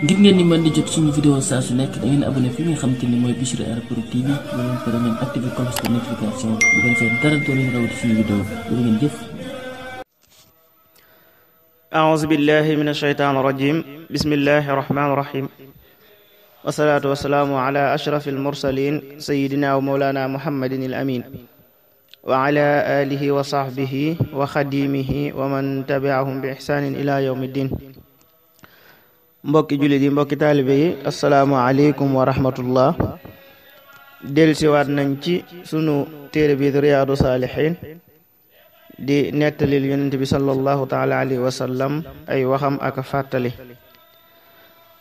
ngir ngeen di mën di jot suñu vidéo saa su nekk da ngeen abonné fi nga xam te ni mooy Bichri Airport TV nga leen pare ngeen activé cloche de notification bu ko defee dara doo leen rawati suñu vidéo loolu ngeen jëf. aouzu billahi min ashaytaan rajim bismillahi rahmaan rahim wasalaatu wasalaamu ala ashraf almursalin sayidina wa mawlana muhammadin al amin wa ala alihi wa sahbihi wa xadimihi wa man tabiahum bi ihsanin ila yawmi ddin mbokki jullit yi mbokki taalibe yi asalaamaaleykum wa rahmatullah dellusiwaat nañ ci sunu téere bi riyaadu saalihin di nettalil yonent bi sallallahu taala alayhi wa sallam ay waxam ak fàttali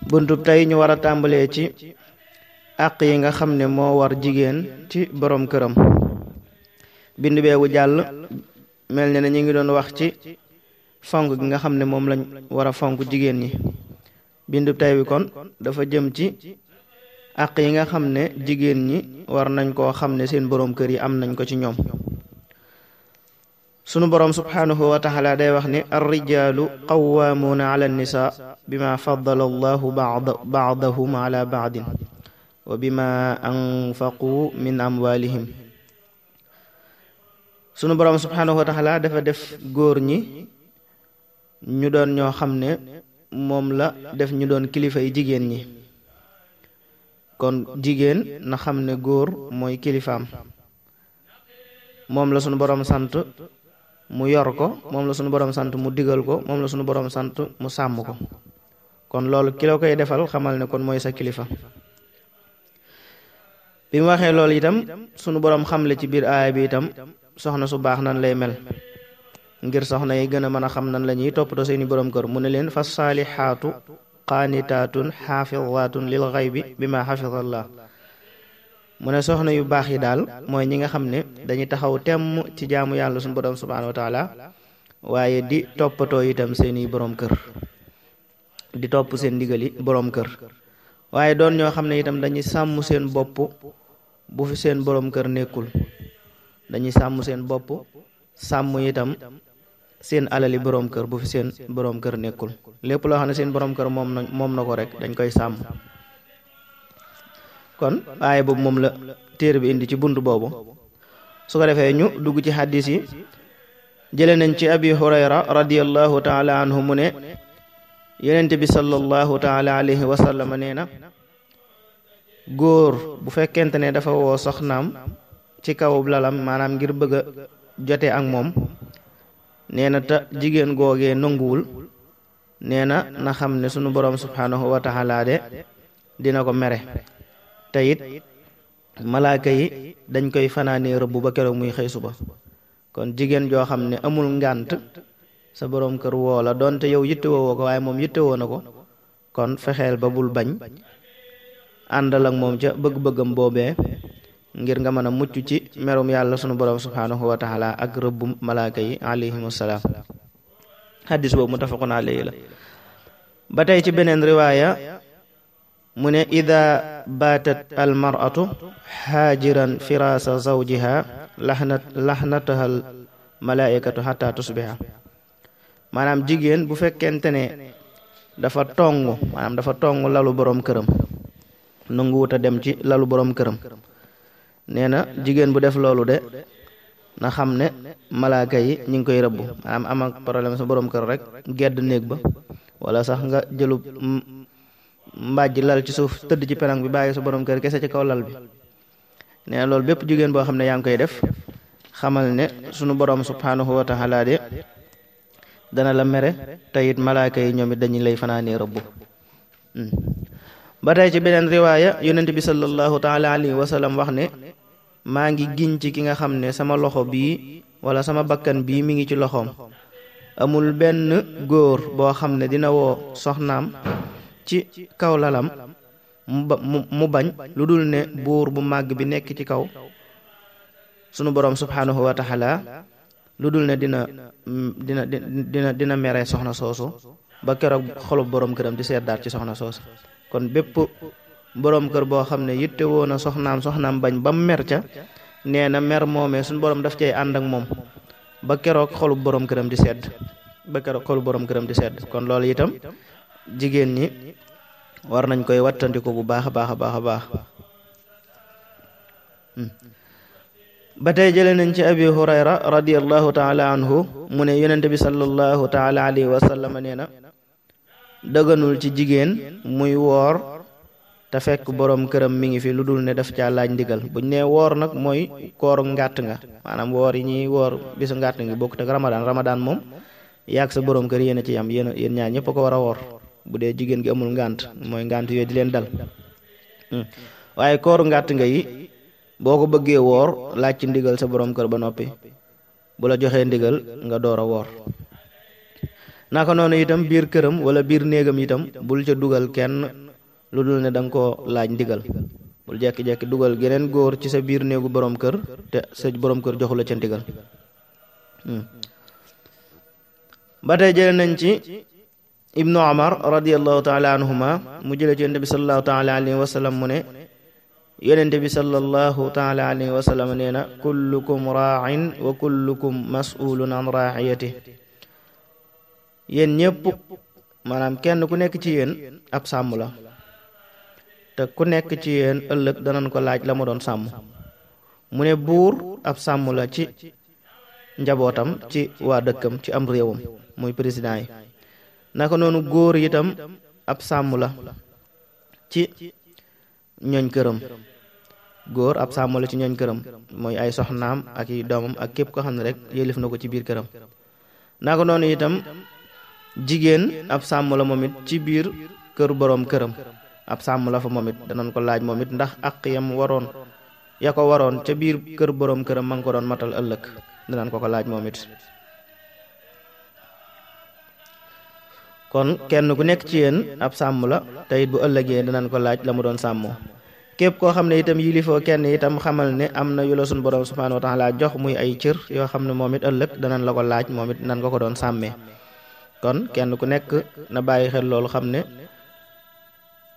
buntub tey ñu war a tàmbalee ci àq yi nga xam ne moo war jigéen ci boroom këram bind beebu jàll mel ne na ñu ngi doon wax ci fonk gi nga xam ne moom lañ war a fonk jigéen ñi bindu tay bi kon dafa jëm ci àq yi nga xam ne jigéen ñi war nañ koo xam ne seen boroom kër yi am nañ ko ci ñoom sunu boroom subhaanahu wa day wax ni arrijaalu qawwaamuuna ala annisaa bima faddala allahu baadahum ala baadin wa bima anfaqu min amwaalihim sunu boroom subhaanahu wa dafa def góor ñi ñu doon ñoo xam ne moom la def ñu doon kilifa yi jigéen ñi kon jigéen na xam ne góor mooy kilifaam moom la sunu boroom sant mu yor ko moom la sunu borom sant mu digal ko moom la sunu borom sant mu sàmm ko kon loolu ki koy defal xamal ne kon mooy sa kilifa bi mu waxee loolu itam sunu borom xamle ci biir aaya bi itam soxna su baax nan lay mel ngir soxna yi gën a mën a xam nan la ñuy toppatoo seeni borom kër mu ne leen fa saalixaatu qaanitaatun xaafidaatun lil xaybi bi ma xafidallah mu ne soxna yu baax yi daal mooy ñi nga xam ne dañuy taxaw temm ci jaamu yàlla suñu borom subhaanahu wa waaye di toppatoo itam seeni boroom kër di topp seen ndigali boroom kër waaye doon ñoo xam ne itam dañuy sàmm seen bopp bu fi seen boroom kër nekkul dañuy sàmm seen bopp sàmm itam seen alali boroom kër bu fi seen boroom kër nekkul lépp loo xam ne seen borom kër moom na moom na ko rek dañ koy sàmm kon aaya boobu moom la téere bi indi ci bunt boobu su ko defee ñu dugg ci xaddis yi jële nañ ci abi hurayra radiallahu anhu mu ne yonente bi sallallahu taala alayhi wa sallam nee na góor bu fekkente ne dafa woo soxnaam ci kaw lalam maanaam ngir bëgg a jote ak moom nee na te jigéen googee nanguwul nee na na xam ne sunu borom subhaanahu wa taala dina ko mere te it malaaka yi dañ koy fanaanee rëbb ba keroog muy xëy suba kon jigéen joo xam ne amul ngànt sa boroom kër woo la donte yow yittewoo ko waaye moom yittewoo na ko kon fexeel ba bul bañ àndal ak moom ca bëgg-bëggam boobee ngir nga mën a mucc ci merum yàlla sunu borom subhaanahu wa taala ak rëbbum malaaka yi alayhimu salaam xaddis boobu muttafaqun alayhi la ba ci beneen riwaaya mu ne ida baatat almaratu xaajiran firaasa zawjiha laxnat laxnatahal malaikatu xata tusbiha maanaam jigéen bu fekkente ne dafa tong maanaam dafa tong lalu borom këram nanguwuta dem ci lalu borom këram nee na jigéen bu def loolu de na xam ne malaaka yi ñu ngi koy rëbb maanaam am ak problème sa boroom kër rek gedd néeg ba wala sax nga jëlub mbaaj lal ci suuf tëdd ci penang bi bàyyi sa boroom kër kese ci kaw lal bi nee na loolu bépp jigéen boo xam ne yaa ngi koy def xamal ne sunu boroom subhanahu wa taala de dana la mere te it malaaka yi ñoom it dañu lay fanaanee rëbb hmm. ba tey ci beneen riwaaya yonent bi sallallahu taala alayhi wa wax ne maa ngi giñ ci ki nga xam ne sama loxo bii wala sama bakkan bii mu ngi ci loxoom amul benn góor boo xam ne dina woo soxnaam ci kaw lalam mu bañ lu dul ne buur bu màgg bi nekk ci kaw sunu boroom subhaanahu taxalaa lu dul ne dina dina dina dina mere soxna soosu ba keroog xolub boroom këram di seet daal ci soxna soosu kon bépp boroom kër boo xam ne yitte woo na soxnaam soxnaam bañ ba mer ca nee na mer moomee suñu borom daf cay ànd ak moom ba keroog xolu boroom këram di sedd ba keroog xolu borom këram di sedd kon loolu itam jigéen ñi war nañ koy wattandiku bu baax a baax a baax a baax hmm. ba tey jële nañ ci abi hurayra radiallahu taala anhu mu ne yonente bi sallallahu taala alayhi wa sallam nee na dëganul ci jigéen muy woor te fekk borom këram mi ngi fi lu dul ne daf caa laaj ndigal buñ nee woor nag mooy kooru ngàtt nga maanaam woor yi ñuy woor bisu ngàtt nga bokkut ak ramadaan ramadaan moom yàgg sa borom kër yéen a ci yam yéen yéen ñaar ñëpp ko war a woor bu dee jigéen gi amul ngànt mooy ngànt yooyu di leen dal hmm. waaye kooru ngàtt nga yi boo ko bëggee woor laaj ci ndigal sa borom kër ba noppi bu la joxee ndigal nga door a woor naka noonu itam biir këram wala biir néegam lu dul ne da nga koo laaj ndigal bul jekki-jekki dugal geneen góor ci sa biir néegu boroom kër te sa borom kër joxula la ndigal hmm. ba tey jële nañ ci ibnu omar radiallahu taala anhuma mu jële ci yonente bi salallahu taala bi salallahu taala alayhi wa sallam nee na wa kullukum mas'ulun an raa'iyati yéen ñëpp maanaam kenn ku nekk ci yéen ab sàmm la te ku nekk ci yéen ëllëg danañ ko laaj la mu doon sàmm mu ne buur ab sàmm la ci njabootam ci waa dëkkam ci am réewam muy président yi naka noonu góor itam ab sàmm la ci ñooñ këram góor ab sàmm la ci ñooñ këram mooy ay soxnaam ak i doomam ak képp ko xam ne rek yëlif na ko ci biir këram naka noonu itam jigéen ab sàmm la moom ci biir kër boroom këram ab sàmm la fa moom it danañ ko laaj moom it ndax àq yam waroon ya ko waroon ca biir kër boroom këram ma ngi ko doon matal ëllëg danañ ko ko laaj moom it kon kenn ku nekk ci yéen ab sàmm la te it ëllëgee danañ ko laaj la mu doon sàmm képp koo xam ne itam yilifoo kenn itam xamal ne am na la suñ borom subhaanahu wa taala jox muy ay cër yoo xam ne moom it ëllëg danañ la ko laaj moom ko ko doon sàmmee kon kenn ku nekk na bàyyi xel loolu xam ne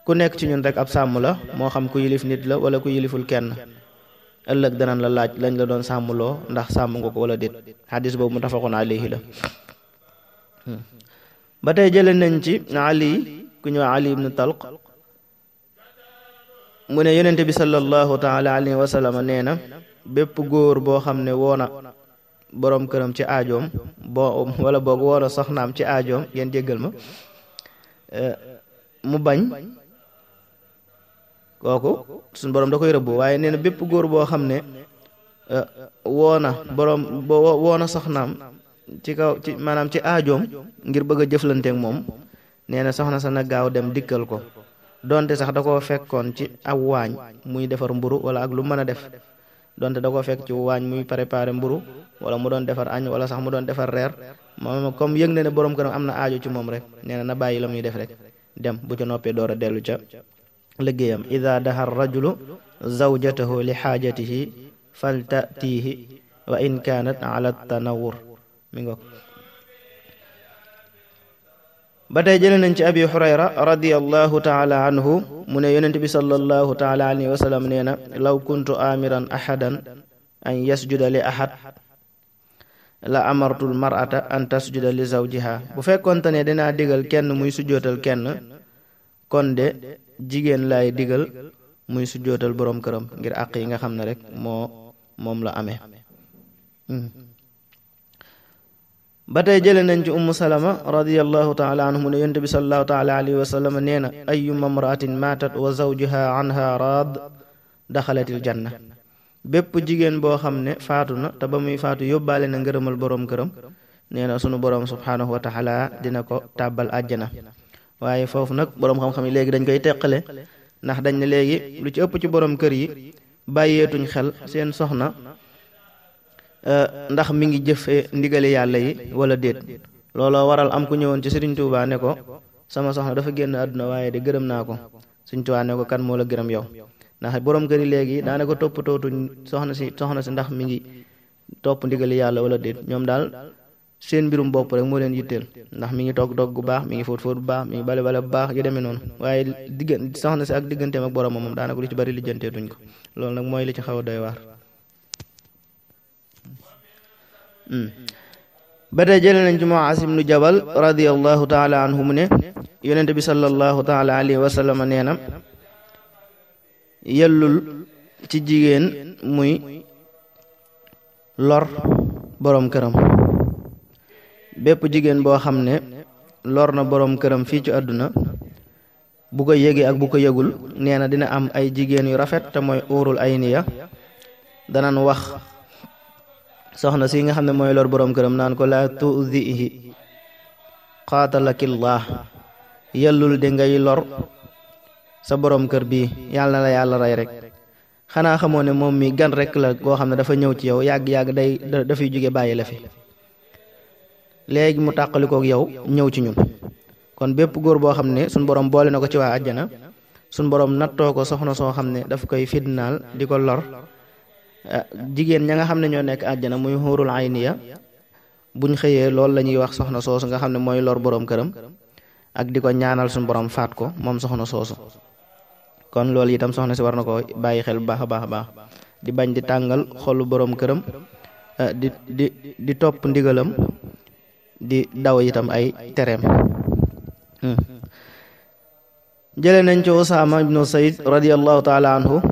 ku nekk ci ñun rek ab sàmm la moo xam ku yilif nit la wala ku yiliful kenn ëllëg danañ la laaj lañ la doon sàmmloo ndax sàmm nga ko wala déet xadis boobu muttafaqun alayhi la hmm. ba tey jële nañ ci ali ku ñëw ali ibnu talq mu ne yonent bi sallallahu taala alayhi wa sallam nee na bépp góor boo xam ne woona boroom këram ci aajoom boo wala boog woona soxnaam ci aajoom ngeen jéggal ma euh, mu bañ kooku suñ borom da koy rëbbu waaye nee na bépp góor boo xam ne euh, woo na borom boo woo na soxnaam ci kaw ci maanaam ci aajoom ngir bëgg a moom nee na soxna sa na gaaw dem dikkal ko donte sax da koo fekkoon ci ab waañ muy defar mburu wala ak lu mën a def donte da koo fekk ci waañ muy préparer mburu wala mu doon defar añ wala sax mu doon defar reer moom comme yëg na ne borom këram am na aajo ci moom rek nee na na bàyyi la muy def rek dem bu ca noppee door a dellu ca liggéeyam ida daxar rajulu zawjatahu li xaajatihi faltatiihi wa in kaanat ala tanawur mi ngo ba tey jële nañ ci abi hurayra radiallahu taala anhu mu ne yonent bi sallallahu taala alayhi wa sallam nee na law kuntu amiran ahadan an yasjuda li ahad la amartul mar'ata an tasjuda li zawjiha bu fekkonte ne dinaa digal kenn muy sujjootal kenn kon de jigéen lay digal muy sujjootal boroom këram ngir àq yi nga xam ne rek moo moom la amee hmm. ba tey jële nañ ci ummu salama radiallahu taala anhu mu ne yonte bi salallahu taala ayuma mraatin maatat wa zawjuha anha raad daxalatil janna bépp jigéen boo xam ne faatu na te ba muy faatu yóbbaale na ngërëmal boroom këram nee na sunu borom subhaanahu wa dina ko tàbbal àjjana waaye foofu nag boroom xam-xam yi léegi dañ koy teqale ndax dañ ne léegi lu ci ëpp ci borom kër yi bàyyeetuñ xel seen soxna euh, ndax mi ngi jëfe ndigali yàlla yi wala déet looloo waral am ku ñëwoon ci Sëriñ Tuubaa ne ko sama soxna dafa génn àdduna waaye di gërëm naa ko Sëriñ Tuubaa ne ko kan moo la gërëm yow ndax borom kër yi léegi daanaka toppatootuñ soxna si soxna si ndax mi ngi topp ndigali yàlla wala déet ñoom daal seen mbirum bopp rek moo leen yitteel ndax mi ngi toog togg bu baax mi ngi fóot fóot bu baax mi ngi bale bale bu baax yu demee noonu waaye diggante soxna si ak digganteem ak boroomam moom daanaka lu ci bari lijjantee duñ ko loolu nag mooy li ci xaw a doy waar. Hmm. ba tey jëlee nañ ci Muaas ibnu Jabal radiyallahu taala anhu mu ne yonent bi sallallahu taala alayhi wa sallam nee na yellul ci jigéen muy lor boroom këram. bépp jigéen boo xam ne lor na boroom këram fii ci àdduna bu ko yëgee ak bu ko yëgul nee na dina am ay jigéen yu rafet te mooy uurul ay niya danan wax soxna si nga xam ne mooy lor boroom këram naan ko laa tuzihi qaatalakillah yellul di ngay lor sa boroom kër bii yàlla na la yàlla rey rek xanaa xamoo ne moom mii gan rek la koo xam ne dafa ñëw ci yow yàgg-yàgg day dafay jóge bàyyi la fi léegi mu tàqalikook yow ñëw ci ñun kon bépp góor boo xam ne suñ borom boole na ko ci waa àjjana suñ borom nattoo ko soxna soo xam ne dafa koy fitnaal di ko lor ah, jigéen ña nga xam ne ñoo nekk àjjana muy xuurul ayniya buñ xëyee loolu la ñuy wax soxna soosu nga xam ne mooy lor boroom këram ak di ko ñaanal suñu borom faat ko moom soxna soosu kon loolu itam soxna si war na ko bàyyi xel bu baax a baax a baax di bañ di tàngal xolu boroom këram ah, di di di topp di daw itam ay tereem hmm. jële nañ ci usaama ibnu sayd radiallahu taala anhu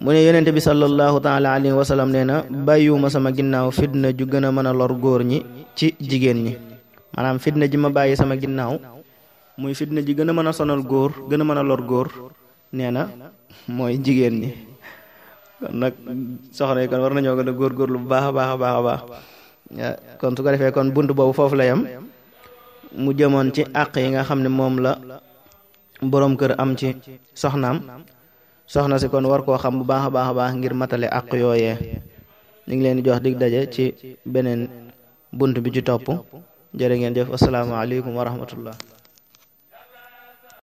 mu ne yenent bi salallahu taala alayhi wa sallam nee na bàyyiwuma sama ginnaaw fitna ju gën a mën a lor góor ñi ci jigéen ñi maanaam fitna ji ma bàyyi sama ginnaaw muy fitna ji gën a mën a sonal góor gën a mën a lor góor nee na mooy jigéen ñi kon nag soxna yi kon war nañoo gën a góorgóorlu baax a baax a baax kon su ko defee kon bunt boobu foofu la yam mu jëmoon ci àq yi nga xam ne moom la boroom kër am ci soxnaam soxna si kon war koo xam bu baax a baax a baax ngir matale àq yooyee ñu ngi leen di jox dig daje ci beneen bunt bi ci topp jërë ngeen jëf asalaamaaleykum wa rahmatullah